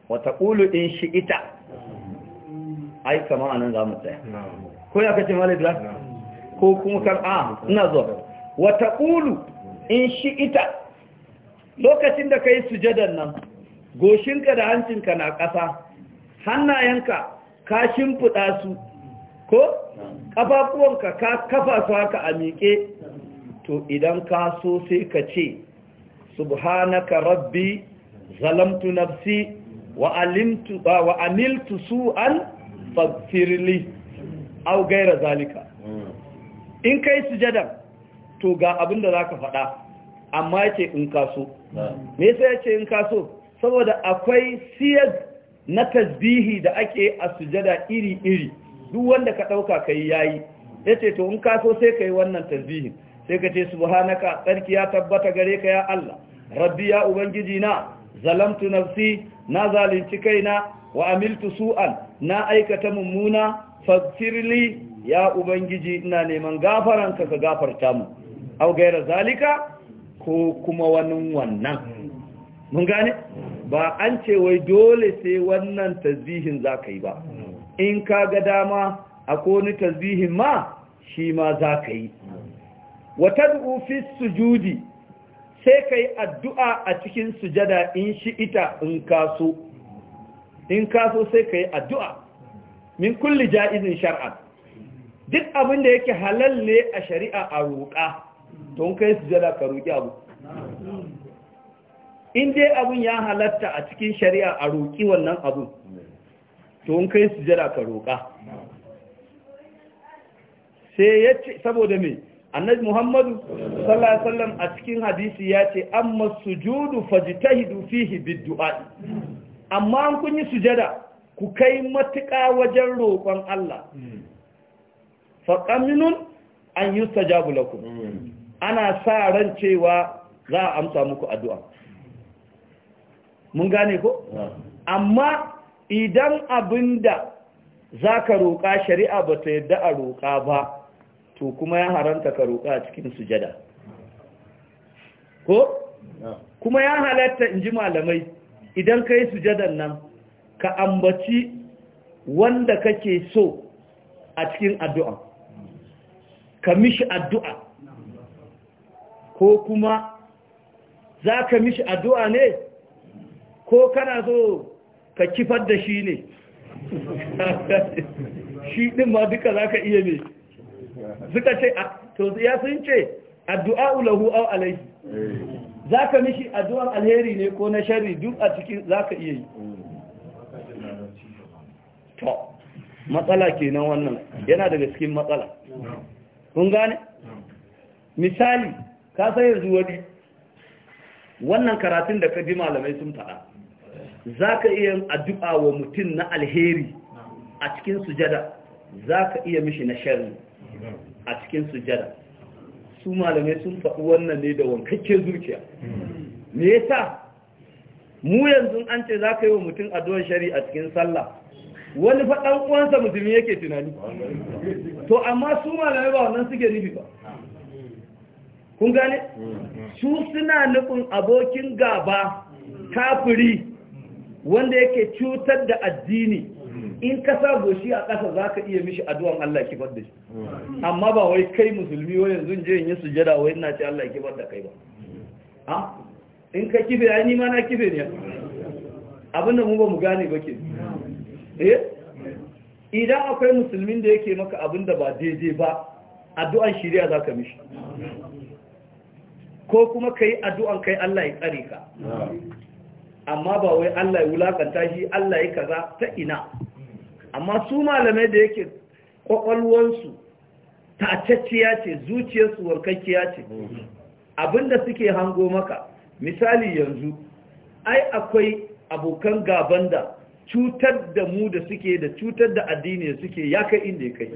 wata ƙulu ɗin shi ita aika ma'anin a nan za mu tsaye ko ya kace malibla ko kuma kan a ah, ina zuwa wata ƙulu in shi ita lokacin da ka yi sujadan nan goshinka da hancinka na ƙasa hannayenka ka shimfiɗa su ko ƙafafuwanka ka kafa su haka a miƙe to idan ka so sai ka ce subhanaka rabbi zalamtu nafsi wa alimtu wa amiltu su'an faghfirli aw ghayra zalika hmm. in ka yi sujadan to ga abin da za ka faɗa amma ya ce in kaso me sai ya in kaso saboda akwai siyar na tasbihi da ake a sujada iri-iri duk wanda ka ɗauka ka yi yayi ya ce to in kaso sai ka yi wannan tasbihin sai ka ce subhanaka tsarki ya tabbata gare ka ya Allah rabbi ya ubangiji na zalamtu nafsi na zalunci kaina wa amiltu su'an na aikata mummuna fagfirli ya ubangiji ina neman gafaranka ka gafarta mu au gaira zalika ko kuma wani wannan mun gane ba an ce wai dole sai wannan tasbihin za ka yi ba in ka ga dama a koni tasbihin ma shi ma za ka yi wata su sujudi sai ka yi addu'a a cikin sujada in shi ita in kaso in kaso sai ka yi addu'a min kulli ja'izin shar'a duk abin da yake halal ne a shari'a a roƙa don kai sujada ka roƙi abu in dai abun ya halatta a cikin shari'a a roƙi wannan abun to in kai sujada ka roƙa sai ya ce saboda me annabi muhammadu sallallahu alaihi wasallam a cikin hadisi ya ce amma sujudu fajtahidu fihi biddu'a amma an kun yi sujada ku kai matuƙa wajen roƙon Allah hmm. faƙaminun an yi sajabu lakum hmm. ana sa ran cewa za a amsa muku addu'a mun gane ko amma idan abinda za ka roƙa shari'a ba ta yadda a roƙa ba to kuma ya haranta ka roƙa cikin sujada ko kuma ya halatta in ji malamai idan ka yi sujadan nan ka ambaci wanda kake so a cikin addu'a ka mishi addu'a ko kuma za ka mishi addu'a ne ko kana so ka kifar da shi ne (laughs) shi ɗin ma duka za ka iya ne suka ce a ah, to ya sun ce addu'a ulahu au alai eh. za ka mishi addu’an alheri ne ko na shari duk a cikin za ka iya yi to matsala kenan wannan yana daga cikin matsala kun gane misali ka san yanzu wani wannan karatun da ka ji malamai sun faɗa za ka iya addu'a wa mutum na alheri a cikin sujada za ka iya mishi na shari a cikin sujada su malamai sun faɗi wannan ne da wankakke zuciya me yasa mu yanzu an ce za ka yi wa mutum addu'ar shari a cikin sallah wani faɗan uwansa musulmi yake tunani to amma su malamai ba wannan suke nufi ba kun gane mm-hmm. su suna nufin abokin gaba kafiri wanda yake cutar da addini mm-hmm. in ka sa goshi a ƙasa za ka iya mishi addu'an Allah ki da shi mm-hmm. amma ba wai kai musulmi wai yanzu je in yi sujada wai ina ce Allah ki da kai ba ha in ka kife ai ni ma na kife ne abin da mu ba mu gane ba ke eh idan akwai musulmin da yake maka abinda ba daidai ba addu'an shiriya za ka mishi ko kuma ka yi addu'an kai Allah ya tsare ka amma ba wai Allah ya wulakanta shi Allah ya kaza ta ina amma su malamai da yake kwakwalwansu tacacciya ce zuciyarsu warkakkiya ce abinda suke hango maka misali yanzu ai akwai abokan gaban da cutar da mu da suke da cutar da addini da suke ya kai inda ya kai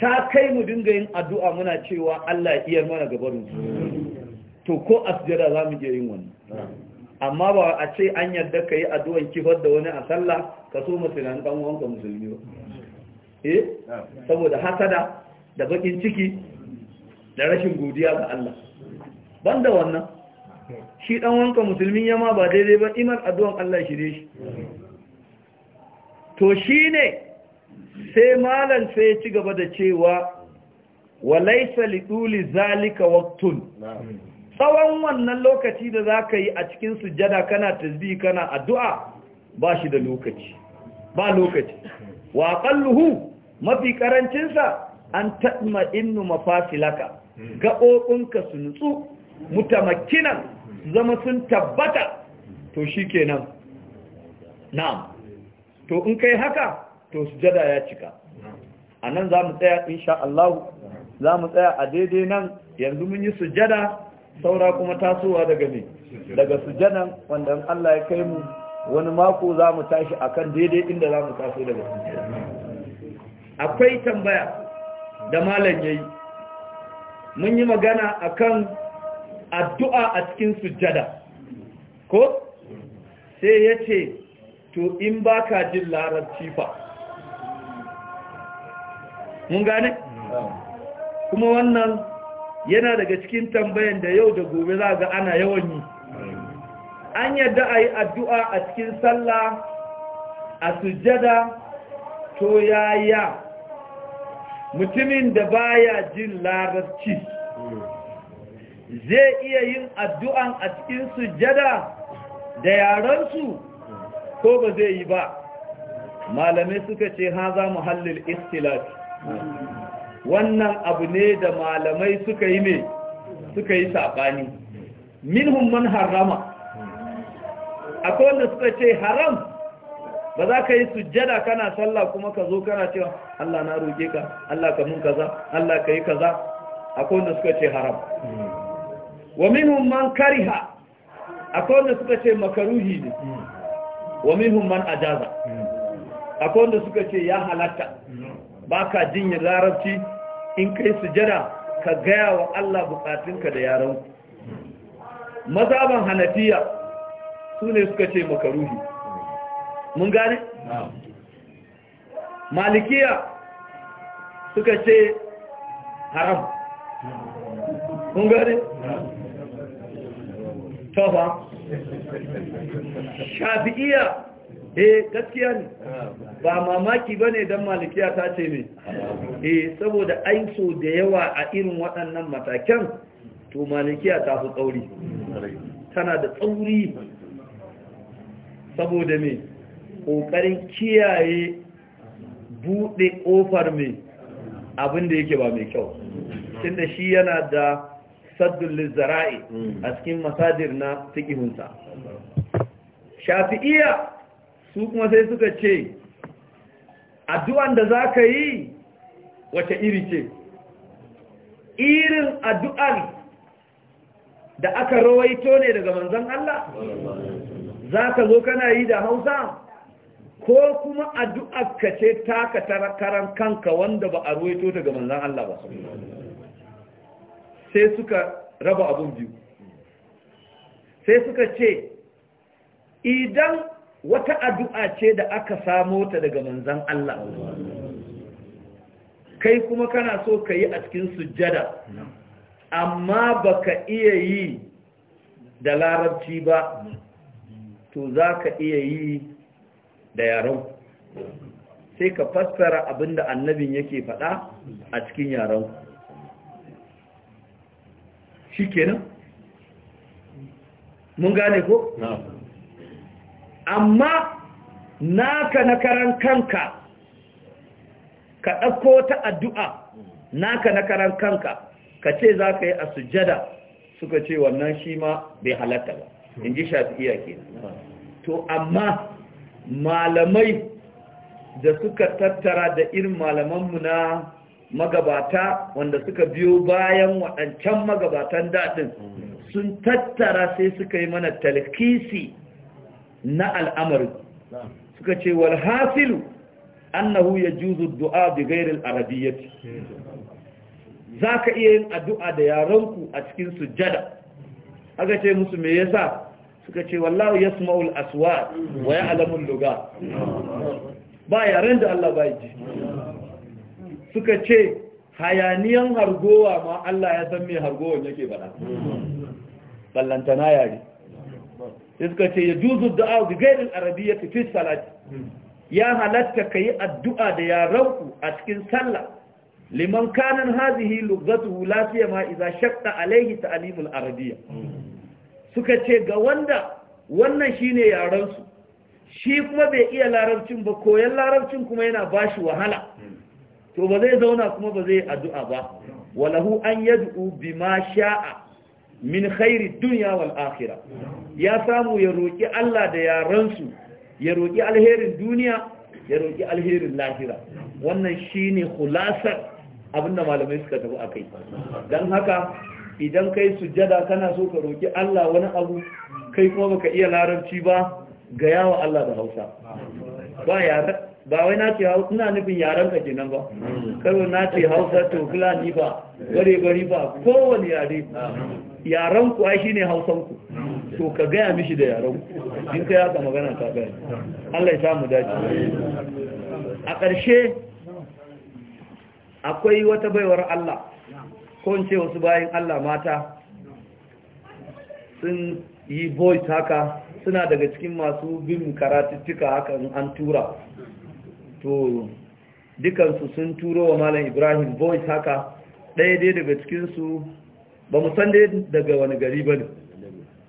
ta kai mu dinga yin addu'a muna cewa Allah ya iyar mana gabarinsu to ko a za mu iya yin wani amma ba a ce an yadda ka yi addu'an kifar da wani a sallah ka so musulman ɗan wanka musulmi ba eh saboda hasada da bakin ciki da rashin godiya ga Allah banda wannan shi ɗan wanka musulmi ya ma ba daidai ba iman addu'an Allah shi ne shi to shi ne sai malam sai ya ci gaba da cewa wa laisa li zalika waqtun tsawon wannan lokaci da za ka yi a cikin sujada kana tasbih kana addu'a ba shi da lokaci ba lokaci wa ƙalluhu mafi ƙarancinsa an tatma innu mafasilaka gaɓoɓinka su nutsu mutamakinan zama sun tabbata to shi kenan na'am to in kai haka to sujada ya cika a nan za mu tsaya sha Allah za mu tsaya a daidai nan yanzu mun yi sujada saura kuma tasowa daga ne daga sujadan wanda Allah ya kai mu wani mako za mu tashi a kan daidai inda za mu taso daga sujanan akwai tambaya da malam ya yi. mun yi magana a kan addu'a a cikin sujada ko sai ya ce to in ba ka jin larabci fa mun gane kuma wannan yana daga cikin tambayan da yau da gobe za ga ana yawan yi an yadda a yi addu'a a cikin sallah a sujjada to yaya mutumin da baya jin larabci zai iya yin addu'an a cikin sujjada da yaransu ko ba zai yi ba malamai suka ce ha za haza muhallin istilat wannan abu ne da malamai suka yi ne suka yi saɓani minhum man harama akwai wanda suka ce haram ba za ka yi sujjada kana sallah kuma ka zo kana cewa Allah na roƙe ka Allah ka mun kaza Allah ka yi kaza akwai wanda suka ce haram wa minhum man kariha akwai wanda suka ce makaruhi ne wa minhum man ajaza akwai wanda suka ce ya halatta ba ka jin larabci in kai sujada ka gaya wa Allah bukatunka da yaran mazaban hanafiya su ne suka ce makaruhi mun gane? malikiya suka ce haram mun gane? tofa shafi'iya eh gaskiya ne ba mamaki ba ne don malikiya ta ce ne eh saboda aiso da yawa a irin waɗannan matakan to malikiya ta fi tsauri tana da tsauri saboda mai ƙoƙarin kiyaye buɗe ƙofar me abin yake ba mai kyau da shi yana da saddun zara'i a cikin masadir na fikihunsa shafi'iya su kuma sai suka ce addu'an da za ka yi wace iri ce irin addu'an da aka rawaito ne daga manzan Allah za ka zo kana yi da hausa ko kuma addu'ar ka ce taka tarakaran kanka wanda ba a rawaito daga manzan Allah ba sai suka raba abun biyu sai suka ce idan wata addu'a ce da aka samo ta daga manzan Allah kai kuma kana so ka yi a cikin sujjada amma baka iya yi da larabci ba to za ka iya yi da yaron sai ka fassara abinda annabin yake faɗa a cikin yaron shi kenan mun gane ko? amma naka na karan kanka ka ɗauko ta addu'a naka na karan kanka ka ce za ka yi a sujada suka ce wannan shi ma bai halatta ba in ji iya ke to amma malamai da suka tattara da irin malamanmu na magabata wanda suka biyo bayan waɗancan magabatan daɗin sun tattara sai suka yi mana talkisi na al'amarin suka ce wal hasilu annahu yajuzu du'a bi ghairi al-arabiyyati zaka iya yin addu'a da yaranku a cikin sujjada aka ce musu me yasa suka ce wallahu yasma'u al-aswat wa ya alamun lugha ba yaren da Allah bai ji suka ce hayaniyan hargowa ma Allah ya san me hargowan yake faɗa ballantana yare sai suka ce ya juzu du'a gairin arabiya ta fi salati ya halatta ka yi addu'a da rauku a cikin sallah liman kanan hazihi lughatuhu lafiya ma iza shaqqa alayhi ta'limul arabiya suka ce ga wanda wannan shine yarensu, yarensu shi kuma bai iya larabcin ba koyan larabcin kuma yana ba shi wahala to ba zai zauna kuma ba zai addu'a ba walahu an yad'u bima sha'a min khairi dunya wal akhirah ya samu ya roki Allah da yaransu ya roki alherin duniya ya roki alherin lahira wannan shine khulasar abinda malamai suka tafi akai dan haka idan kai sujjada kana so ka roki Allah wani abu kai kuma baka iya larabci ba ga yawa Allah da Hausa ba ya ba wai na ce ina nufin yaren ka kenan ba karo na ce Hausa to fulani ba bare bari ba kowane yare yaranku ai shine hausanku to ka gaya mishi da yaranku in ka yaka magana ta gaya Allah ya samu dace a ƙarshe akwai wata baiwar Allah ko in ce wasu bayan Allah mata sun yi voice haka suna daga cikin masu bin karatuttuka haka an tura to dukansu sun turo wa malam Ibrahim voice haka ɗaya dai daga cikinsu ba mu san dai daga wani gari ba ne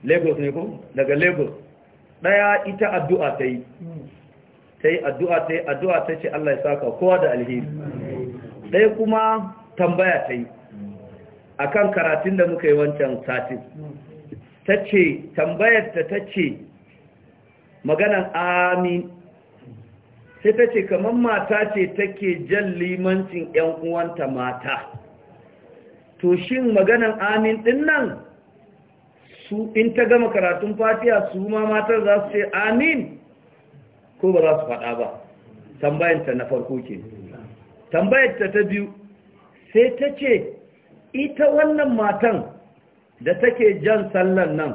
lagos ne ko daga lagos ɗaya ita addu'a ta yi addu'a ta addu'a ta ce allah ya saka kowa da alheri ɗaya kuma tambaya ta yi a kan karatun da muka yi wancan satin ta ce tambayar ta ta ce maganan amin sai ta ce kamar mata ce take jan limancin 'yan uwanta mata to shin maganan amin din nan su in ta gama karatun fatiya su ma matar za su ce amin ko ba za su faɗa ba tambayanta na farko ke tambayanta ta biyu sai ta ce ita wannan matan da take jan sallar nan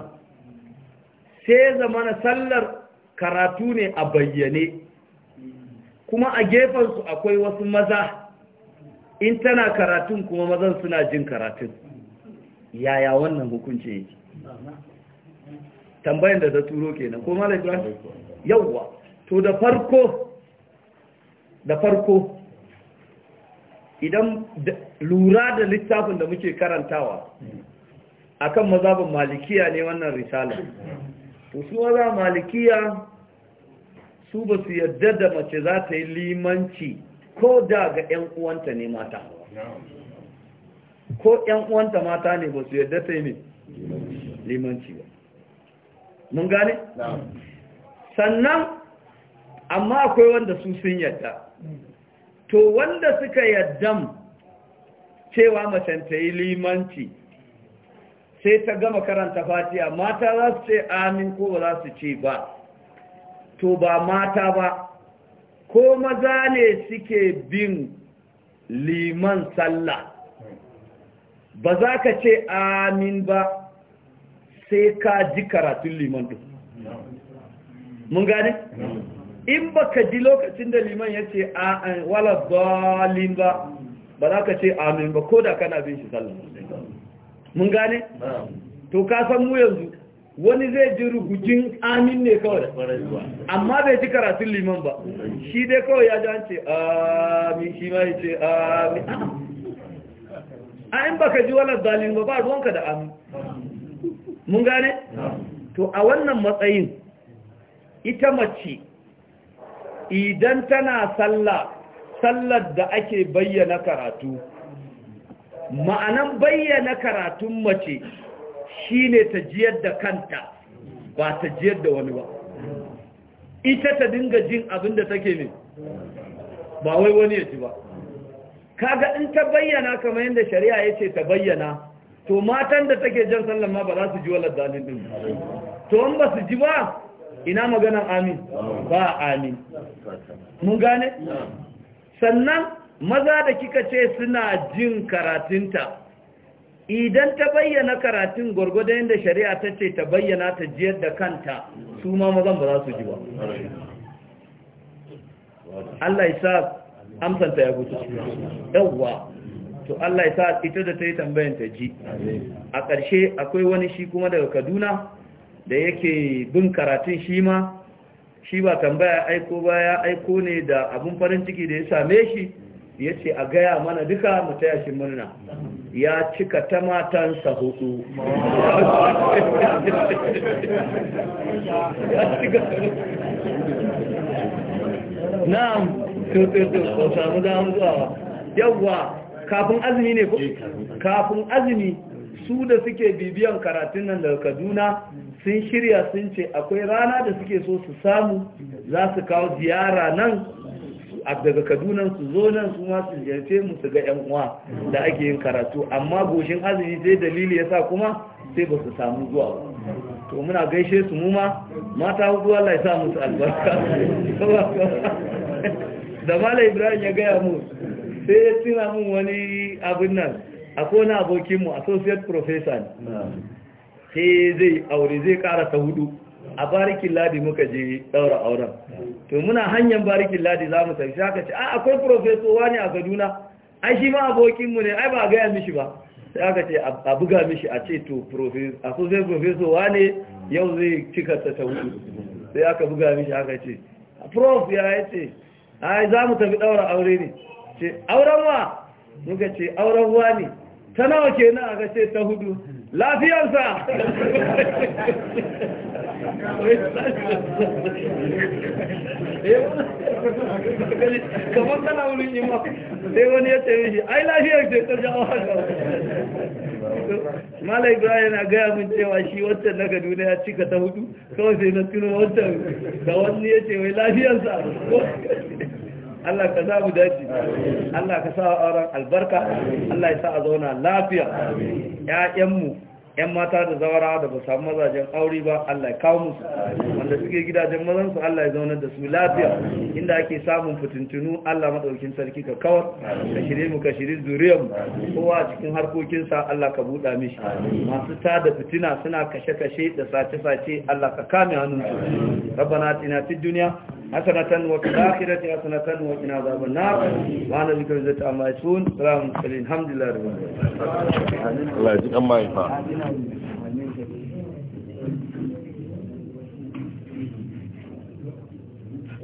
sai zamana sallar karatu ne a bayyane kuma a gefensu akwai wasu maza in tana karatun kuma mazan suna jin karatun yaya wannan hukunci yake Tambayin da ta turo kenan ko malam Ibrahim yauwa to da farko da farko idan lura da littafin da muke karantawa akan mazabin malikiya ne wannan risala to su maza malikiya su ba su yadda da mace za ta yi limanci ko da ga 'yan uwanta ne mata ko 'yan uwanta mata ne ba su yadda ta yi ne limanci ba mun gane? sannan amma akwai wanda su sun yadda to wanda suka yaddam cewa mace ta yi limanci sai ta gama karanta fatiya mata za su ce amin ko ba za su ce ba to ba mata ba ko maza ne suke bin liman sallah ba za ka ce amin ba sai ka ji karatun liman ɗin mun gane? in ba ka ji lokacin da liman ya ce wala dalin ba ba za ka ce amin ba ko da kana bin shi sallah mun gane? to ka san mu yanzu wani zai ji rugujin amin ne kawai amma bai ji karatun liman ba shi dai kawai ya jan ce amin shi ma ya ce amin a in baka ji wani zalin ba ba ruwanka da amin mun gane? to a wannan matsayin ita mace idan tana sallah sallar da ake bayyana karatu ma'anan bayyana karatun mace shi ne ta jiyar da kanta ba ta jiyar da wani ba ita ta dinga jin abin da take ne ba wai wani ya ci ba kaga in ta bayyana kamar yadda shari'a ya ce ta bayyana to matan da take jan sallan ma ba za su ji walar dalil din to in ba su ji ba ina maganan amin ba amin mun gane sannan maza da kika ce suna jin karatunta idan ta bayyana karatun gwargwadon yadda shari'a ta ce ta bayyana ta jiyar da kanta su ma mazan ba za su ji ba Allah ya sa amsanta ya fito yawwa to Allah ya sa ita da ta yi tambayin ta ji a ƙarshe akwai wani shi kuma daga kaduna da yake bin karatun shi ma shi ba tambaya aiko ba ya aiko ne da abun farin ciki da ya same shi ya ce a gaya mana duka mu murna ya cika ta matansa hudu (laughs) na'am ko samu zuwa yawwa kafin azumi ne ko kafin azumi su da suke bibiyan karatun nan daga kaduna sun shirya sun ce akwai rana da suke so su samu za su kawo ziyara nan daga kaduna su zo nan su ma su mu su ga yan uwa da ake yin karatu amma goshin azumi sai dalili yasa kuma sai ba su samu zuwa ba to muna gaishe su mu ma mata hudu Allah ya sa musu albarka (laughs) da malam ibrahim ya gaya mu sai ya tuna mun wani abin nan akwai wani mu associate professor sai zai aure zai karata hudu a barikin ladi muka je daura auren to muna hanyar barikin ladi za mu tafi aka ce a ah, akwai wa ne a kaduna ai shi ma abokinmu ne ai ba a gaya mishi ba sai aka ce a buga mishi a ce to a profeso wa ne yau zai cika ta ta hudu sai aka buga mishi aka ce prof ya yi ce ai za mu tafi daura aure ne ce auren wa muka ce auren wa ne ta nawa ke na?" aka ce ta hudu lafiyarsa kamar tana yi ma sai wani ya ce shi ai lafiyar ce ta jawo haka malai ibrahim yana gaya min cewa shi wancan na kaduna ya cika ta hudu kawai sai na tuno wancan da wani ya ce wai lafiyarsa Allah ka za mu dace Allah ka sa auren albarka Allah ya sa a zauna lafiya mu. yan mata da zawara da ba samu mazajen aure ba Allah ya kawo musu wanda suke gidajen mazansu Allah ya zaunar da su lafiya inda ake samun fitintunu Allah maɗaukin sarki ka kawar ka shirye mu ka shirye mu kowa a cikin harkokinsa Allah ka buɗa mishi masu ta da fitina suna kashe-kashe da sace-sace Allah ka kame hannunsu rabbana atina fid dunya hasanatan wa fil akhirati hasanatan wa qina adhaban nar wa ana bika izzati amma yasifun salamun alhamdulillahi rabbil alamin Allah ya ji amma ọ̀nà